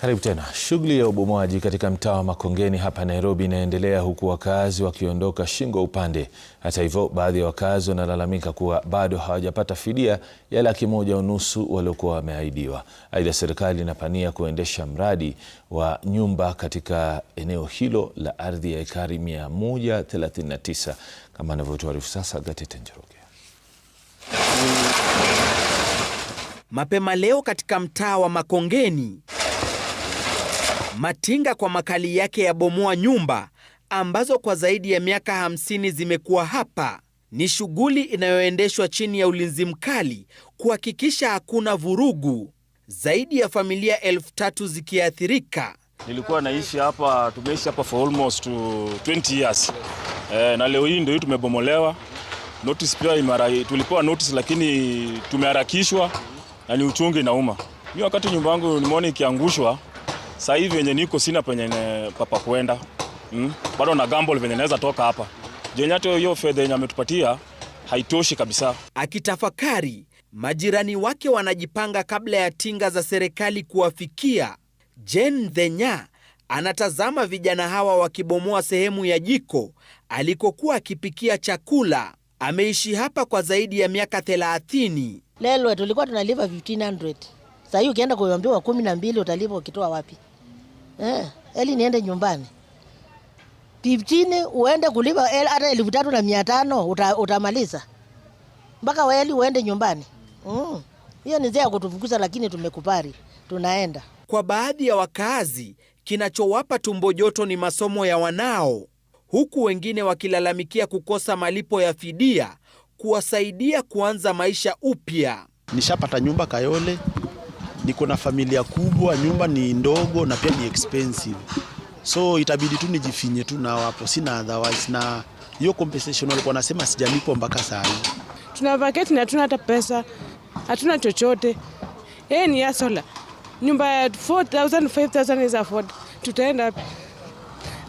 Karibu tena. Shughuli ya ubomoaji katika mtaa wa Makongeni hapa Nairobi inaendelea huku wakazi wakiondoka shingo upande. Hata hivyo, baadhi ya wakazi wanalalamika kuwa bado hawajapata fidia ya laki moja unusu waliokuwa wameahidiwa. Aidha, serikali inapania kuendesha mradi wa nyumba katika eneo hilo la ardhi ya ekari 139 kama anavyotuarifu sasa Gatete Njoroge. Mapema leo katika mtaa wa Makongeni Matinga kwa makali yake yabomoa nyumba ambazo kwa zaidi ya miaka hamsini zimekuwa hapa. Ni shughuli inayoendeshwa chini ya ulinzi mkali kuhakikisha hakuna vurugu, zaidi ya familia elfu tatu zikiathirika. Nilikuwa naishi hapa, tumeishi hapa for almost 20 uh, years e, na leo hii ndio hii tumebomolewa. Notice pia imara, tulipewa notice lakini tumeharakishwa na ni uchungu inauma. Mimi wakati nyumba yangu nimeona ikiangushwa sasa hivi wenye niko sina penye papa kwenda mm. Bado na gamble venye naweza toka hapa jenye hata hiyo fedha yenye ametupatia haitoshi kabisa. Akitafakari, majirani wake wanajipanga kabla ya tinga za serikali kuwafikia. Jen Dhenya anatazama vijana hawa wakibomoa sehemu ya jiko alikokuwa akipikia chakula. Ameishi hapa kwa zaidi ya miaka 30. Lelo tulikuwa tunalipa 1500. Sasa hiyo ukienda kuambiwa 12 utalipa ukitoa wapi? Eh, eli niende nyumbani. Pipchini uende kulipa el hata elfu tatu na mia tano uta, utamaliza. Mpaka weli uende nyumbani. Mm. Hiyo ni njia ya kutufukuza lakini tumekubali. Tunaenda. Kwa baadhi ya wakazi kinachowapa tumbo joto ni masomo ya wanao, huku wengine wakilalamikia kukosa malipo ya fidia kuwasaidia kuanza maisha upya. Nishapata nyumba Kayole niko na familia kubwa, nyumba ni ndogo na pia ni expensive, so itabidi tu nijifinye tu na wapo, sina otherwise. Na hiyo compensation walikuwa nasema sijalipo mpaka saa hii. Tuna vacate na hatuna hata pesa, hatuna chochote. Yeye ni asola, nyumba ya 4000 5000 is afford, tutaenda wapi?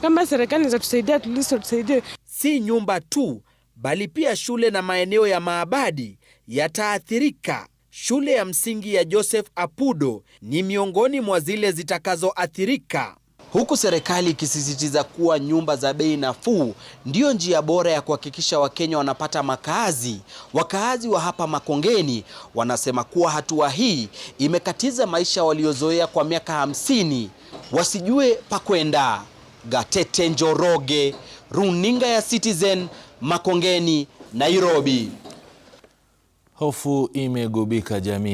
Kama serikali za tusaidia, inatusaidia tulisotusaidie. Si nyumba tu bali pia shule na maeneo ya maabadi yataathirika. Shule ya msingi ya Joseph Apudo ni miongoni mwa zile zitakazoathirika huku serikali ikisisitiza kuwa nyumba za bei nafuu ndiyo njia bora ya kuhakikisha Wakenya wanapata makaazi. Wakaazi wa hapa Makongeni wanasema kuwa hatua hii imekatiza maisha waliozoea kwa miaka hamsini, wasijue pa kwenda. Gatete Njoroge, runinga ya Citizen, Makongeni, Nairobi. Hofu imegubika jamii.